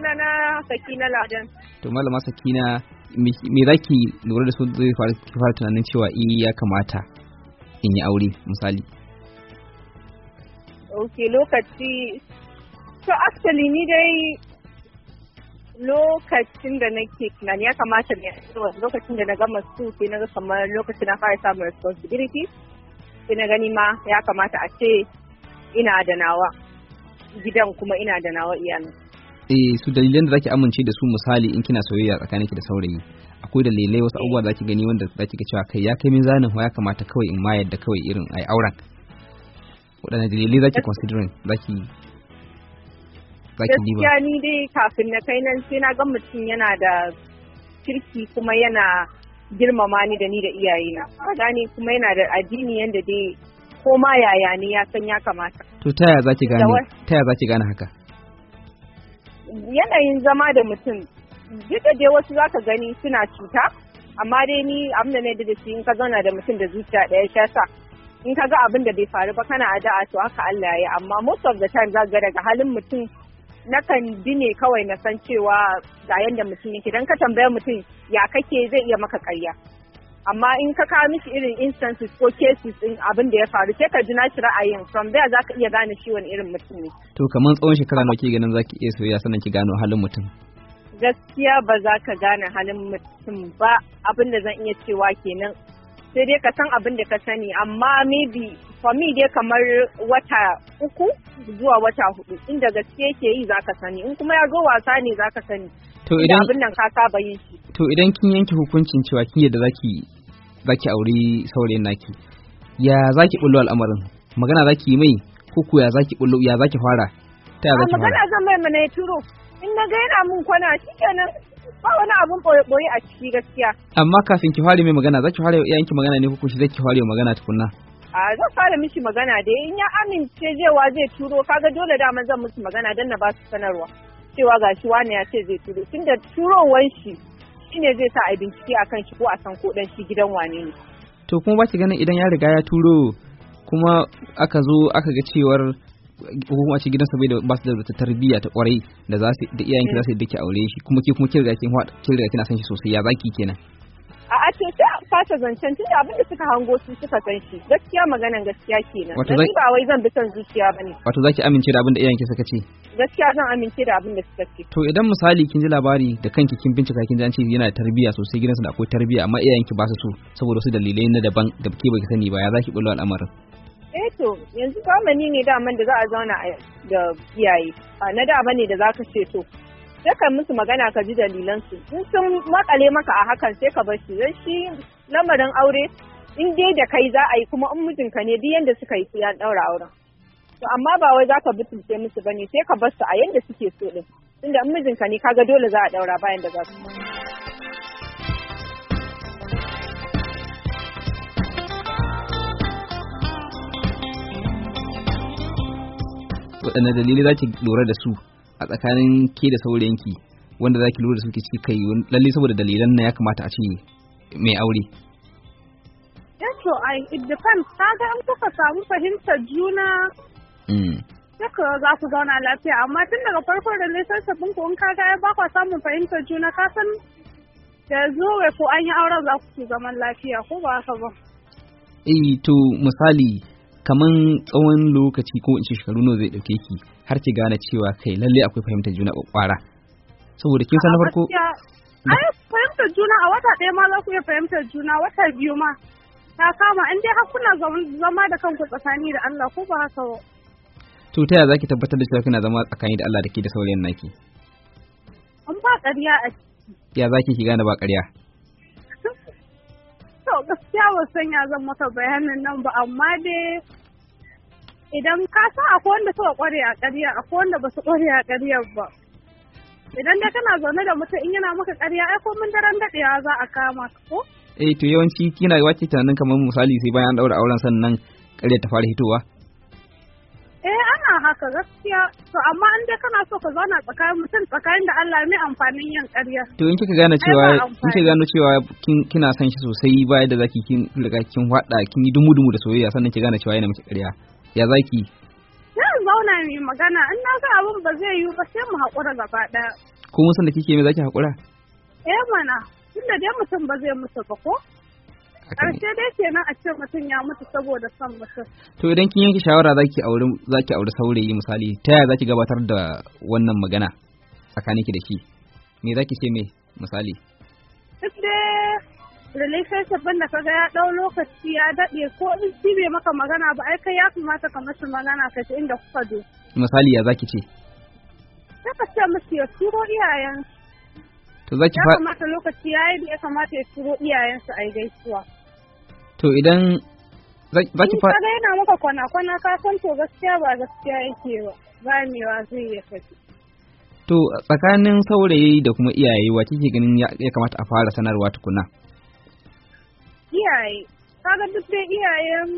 sunana Sakina Ladan. To malama Sakina me za ki lura da su zai fara tunanin cewa i eh, ya kamata in yi aure misali. Ok lokaci to actually ni dai lokacin da nake tunani ya kamata ne lokacin da na gama su ke na kamar lokacin na fara samun responsibility sai na gani ma ya kamata a ce ina da nawa gidan kuma ina da nawa iyalin. eh su dalilan da zaki amince da su misali in kina soyayya ki da saurayi akwai dalilai wasu abubuwa zaki gani wanda zaki ga cewa kai ya kai min zanin ya kamata kawai in ma yadda kawai irin ai auren wadannan dalilai zaki considering zaki zaki diba gaskiya ni dai kafin na kai nan sai na ga mutum yana da kirki kuma yana girmama ni da ni da iyayena gani kuma yana da addini yanda dai ko ma yaya ne ya san ya kamata to taya zaki gane taya zaki gane haka yanayin zama da mutum duk da dai wasu zaka gani suna cuta amma dai ni abin da na da shi in ka zauna da mutum da zuciya ɗaya sha sa in ka ga abin da bai faru ba kana addu'a to haka Allah ya amma most of the time za ga daga halin mutum kan bi ne kawai na san cewa ga yanda mutum yake dan ka tambaya mutum ya kake zai iya maka ƙarya amma in ka kawo miki irin instances ko cases din abin da ya faru sai ka ji na shi ra'ayin from there za ka iya gane shi wani irin mutum ne. To kamar tsawon shekara nawa ke ganin za ki iya soyayya sannan ki gano halin mutum? Gaskiya ba za ka gane halin mutum ba abin da zan iya cewa kenan sai dai ka san abin da ka sani amma maybe for me dai kamar wata uku zuwa wata hudu inda gaske ke yi za ka sani in kuma ya zo wasa ne za ka sani to idan abin nan ka saba yin shi to idan kin yanke hukuncin cewa kin yadda zaki zaki aure saurayin naki ya zaki bullo al'amarin magana zaki yi mai ko ko ya zaki bullo ya zaki fara ta ah, zaki fara magana zan mai mana ya turo in na ga yana mun kwana shikenan ba wani abun boye a ciki gaskiya amma kafin ki fara mai magana za ki fara yanki ki magana ne hukunci shi zai ki fara magana tukunna a zan fara mishi magana da in ya amince jewa zai turo kaga dole dama zan musu magana don na ba su sanarwa cewa shi wani ya ce zai turo tunda turowar shi ne zai sa a bincike akan shi ko a san ko dan shi gidan wane ne to kuma ba ki ganin idan ya riga ya turo kuma aka zo aka ga cewar ko kuma ce gidan saboda ba su da wata tarbiyya ta kwarai da za su da iyayenki za su dake aure shi kuma ke kuma kin riga kin kin riga kina san shi sosai ya zaki kenan a a ce ta fata zancen tunda abin da suka hango su suka san shi gaskiya maganan gaskiya kenan wato zai ba wai zan bi son zuciya bane wato zaki amince da abin da iyayenki suka ce gaskiya zan amince da abin da suka ce to idan misali kin ji labari da kanki kin bincika kin ji an ce yana da tarbiyya sosai gidansa da akwai tarbiyya amma iyayenki ba su so saboda wasu dalilai na daban da ke baki sani ba ya zaki bullo al'amarin eh to yanzu zamani ne daman da za a zauna da iyaye na da bane da zaka ce to sai ka musu magana ka ji dalilansu in sun makale maka a hakan sai ka bar shi Dan shi lamarin aure in dai da kai za a yi kuma in mijinka ne duk yadda suka yi su ya daura auren to amma ba wai za zaka butulce musu bane sai ka bar a yadda suke so din tunda in mijinka ne kaga dole za a daura bayan da za su waɗanne dalilai za ki lura da su a tsakanin ke da saurayinki wanda za ki lura da su ke ciki kai lalle saboda dalilan na ya kamata a ce mai aure Yato, eh ai it depends kaga an kuka samu fahimtar juna hmm. duka za ku zauna lafiya amma tun daga farko da nisan sabbin ku in kaga ya ba kwa samun fahimtar juna ka san da zuwa ko an yi auren za ku zaman lafiya ko ba haka ba eh to misali kaman tsawon lokaci ko in ce shekaru nawa zai dauke ki har ki gane cewa kai lalle akwai fahimtar juna kwara saboda kin san farko ai fahimtar juna a wata ɗaya ma za ku iya fahimtar juna wata biyu ma ta kama in dai har kuna zama da kanku tsakani da Allah ko ba haka to ta yaya zaki tabbatar da cewa kina zama tsakani da Allah da ke da saurayin naki an ba ƙarya a ya zaki ki gane ba ƙarya gaskiya ba ya zan maka bayanin nan ba amma dai idan ka san akwai wanda suka kware a ƙarya akwai wanda ba su kware a ƙarya ba idan dai kana zaune da mutum in yana maka ƙarya ai ko mun daren daɗewa za a kama ka ko eh to yawanci kina wace tunanin kamar misali sai bayan daura auren sannan ƙarya ta fara hitowa haka gaskiya to amma in dai kana so ka zauna tsakanin mutum tsakanin da Allah mai amfanin yin ƙarya to in kika gane cewa in kika gane cewa kina son shi sosai baya da zaki kin riga kin hada kin yi dumu dumu da soyayya sannan kika gane cewa yana miki ƙarya ya zaki zan zauna mai magana in na ga abin ba zai yiwu ba sai mu haƙura gaba ɗaya ko musan da kike mai zaki haƙura eh mana tunda dai mutum ba zai mutu ba ko Karshe dai kenan a ce mutum ya mutu saboda son mutum. To idan kin yanke shawara zaki aure zaki aure saurayi misali ta yaya zaki gabatar da wannan magana tsakanin ki da shi? Me zaki ce me misali? Duk dai relationship da kaga ya ɗau lokaci ya daɗe ko in shi bai maka magana ba ai kai ya kamata ka masa magana ka ce inda kuka je. Misali ya zaki ce? Sai ce musu ya turo iyayen. To zaki fa. Ya kamata lokaci yayi da ya kamata ya turo iyayensu a gaisuwa. To idan za ki fara. Kaga yana maka kwana-kwana ka san to gaskiya ba gaskiya yake ba. ba mai wa zai ya tafi. To tsakanin saurayi da kuma iyaye wa kike ganin ya kamata a fara sanarwa tukuna? Iyaye. Kaga duk dai iyayen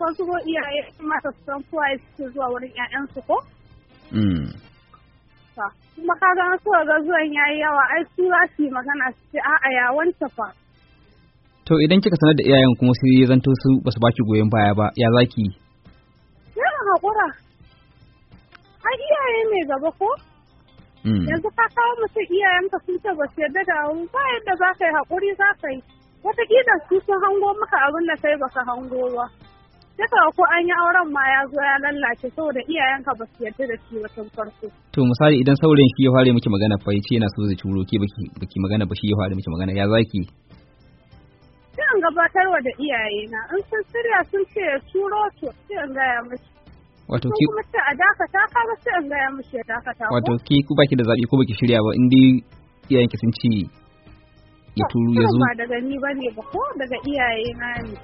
wasu iyaye masu san ya suke zuwa wurin 'ya'yansu ko? Hmm. Kuma kaga an suka ga zuwan yayi yawa ai su za su yi magana su ce a'a ya wanta fa. To idan kika sanar da iyayen kuma sai ya zanto su basu baki goyon baya ba, ya zaki? Ya haƙura. A iyaye ne gaba ko? Hmm. Yanzu ka kawo mutum iyayenka sun ce ba su yarda da abu ba yadda za ka yi haƙuri za ka yi. Wataƙila su sun hango maka abin da kai baka hango ba. Duka ko an yi auren ma ya zo ya lallace saboda iyayenka ba su yarda da shi tun farko. To misali idan saurayin shi ya fara miki magana fa ce yana so zai turo ki baki magana ba shi ya fara miki magana ya zaki. gabatarwa da iyayena in sun shirya sun ce ya turo to sai in gaya musu wato ki kuma sai a dakata ka ba sai in gaya musu ya dakata wato ki ku baki da zabi ko baki shirya ba in dai iyayen ki sun ce ya turo ya zo ba daga ni bane ba ko daga iyayena ne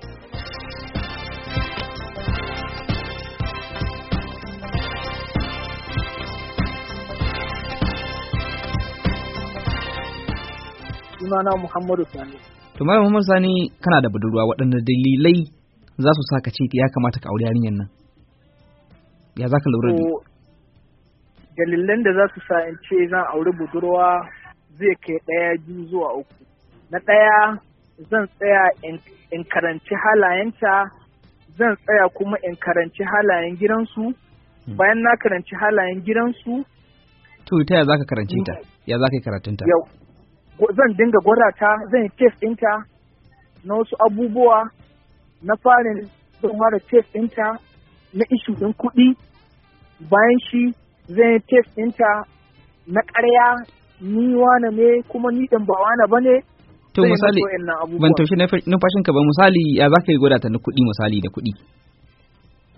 sunana Muhammadu Sani. to mai Muhammad Sani kana da budurwa waɗanne dalilai za su sa ce ya kamata ka aure yarinyar nan ya za ka lura da dalilan da za su sa in ce zan aure budurwa zai kai ɗaya biyu zuwa uku na ɗaya zan tsaya in karanci halayenta zan tsaya kuma in karanci halayen gidansu hmm. bayan na karanci halayen gidansu to ta ya za ka karanci ta ya za ka yi karatunta yau zan dinga gwada ta zan yi test ɗinta na wasu abubuwa na farin zan fara test ɗinta na ishu ɗin kuɗi bayan shi zan yi test ɗinta na ƙarya ni wane ne kuma ni ɗin ba wane ba ne to misali ban taushe fashin ka ba misali ya za ka yi gwada ta na kuɗi misali da kuɗi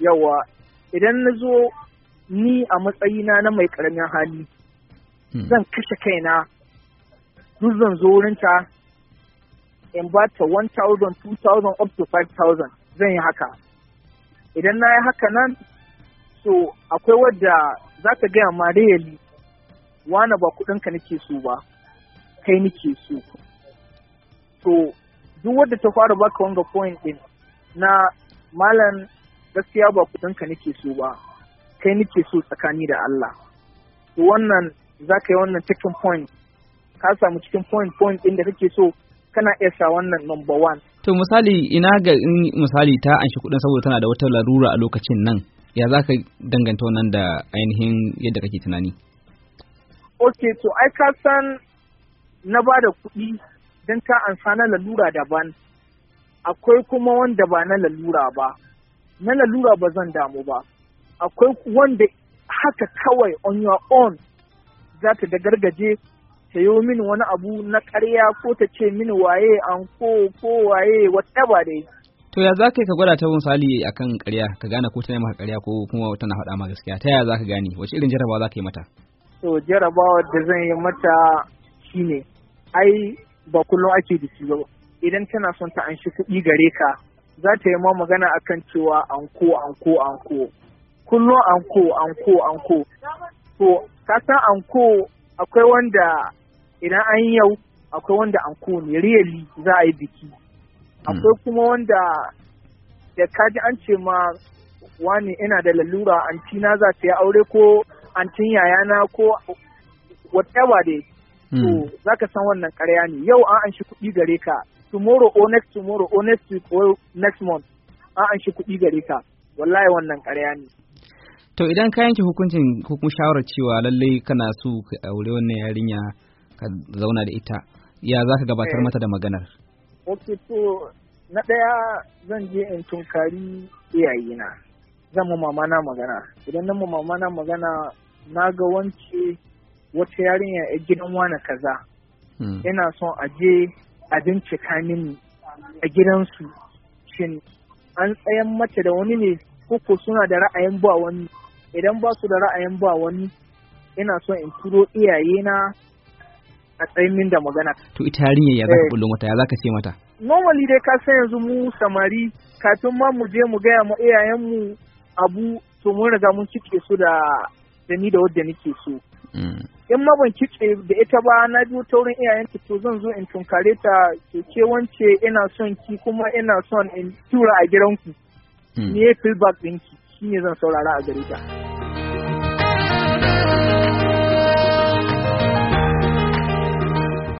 yawa idan na zo ni a matsayina na mai ƙaramin hali hmm. zan kashe kaina duk zan zo wurinta in ba ta 1000 2000 up to 5000 zan yi haka idan na yi haka nan so akwai wadda za ka gaya ma rayali wane ba kudinka nake so ba kai nake so So duk wadda ta fara baka wanga point din na malam gaskiya ba kudinka nake so ba kai nake so tsakani da Allah to wannan za ka yi wannan taking point ka samu cikin point point ɗin da kake so kana iya sa wannan number one. To misali ina ga in misali ta anshi kuɗin saboda tana da wata larura a lokacin nan ya za ka danganta wannan da ainihin yadda kake tunani? Ok, to ai ka san na ba da kuɗi don ta ansa na lalura daban akwai kuma wanda ba na lalura ba na lalura ba zan damu ba akwai wanda haka kawai on your own za ta da gargaje sayo min wani abu na karya ko ta ce min waye an ko ko waye whatever dai to ya za ka gwada ta misali kan karya ka gane ko ta maka karya ko kuma tana faɗa ma gaskiya ta yaya za ka gane wace irin jarabawa ka yi mata to jarabawa da zan yi mata shine ai ba kullum ake da shi ba idan tana son ta anshi kuɗi gare ka za ta yi ma magana akan cewa anko anko anko kullum anko anko anko to ka san anko akwai wanda idan an yau akwai wanda an kone really za a yi biki akwai hmm. kuma wanda da kaji an ce ma wani ina da lalura antina za ta yi aure ko antin yayana ko whatever dai to hmm. za ka san wannan karya ne yau an an shi kuɗi gare ka tomorrow or next tomorrow or next week or next month an an shi kuɗi gare ka wallahi wannan karya ne to idan ka yanke hukuncin hukun shawarar cewa lallai kana so ka aure wannan yarinya ka zauna da ita ya za ka gabatar eh. mata da maganar ok to na ɗaya zan je in tunkari iyayena zan mu mama na magana idan na mu mama na magana na ga wance wata yarinya a gidan wani kaza hmm. ina son a je a bincika mini a gidansu shin an tsayan mace da wani ne koko suna da ra'ayin ba wani idan ba su da ra'ayin ba wani ina son in turo iyayena a tsayin min da magana. To ita yarinya ya ka eh. bullo mata ya ka ce mata? Normally dai ka san yanzu mu samari kafin ma mu je mu gaya ma iyayenmu abu to mun riga mun cike su da da ni da wadda nake so. Mm. In ma ban kitse da ita ba na biyo taurin ta to zan zo in tunkare ta ke wance ina son ki kuma ina son in tura a gidanku. Me mm. ya feedback ɗinki shi ne zan saurara a gare ta.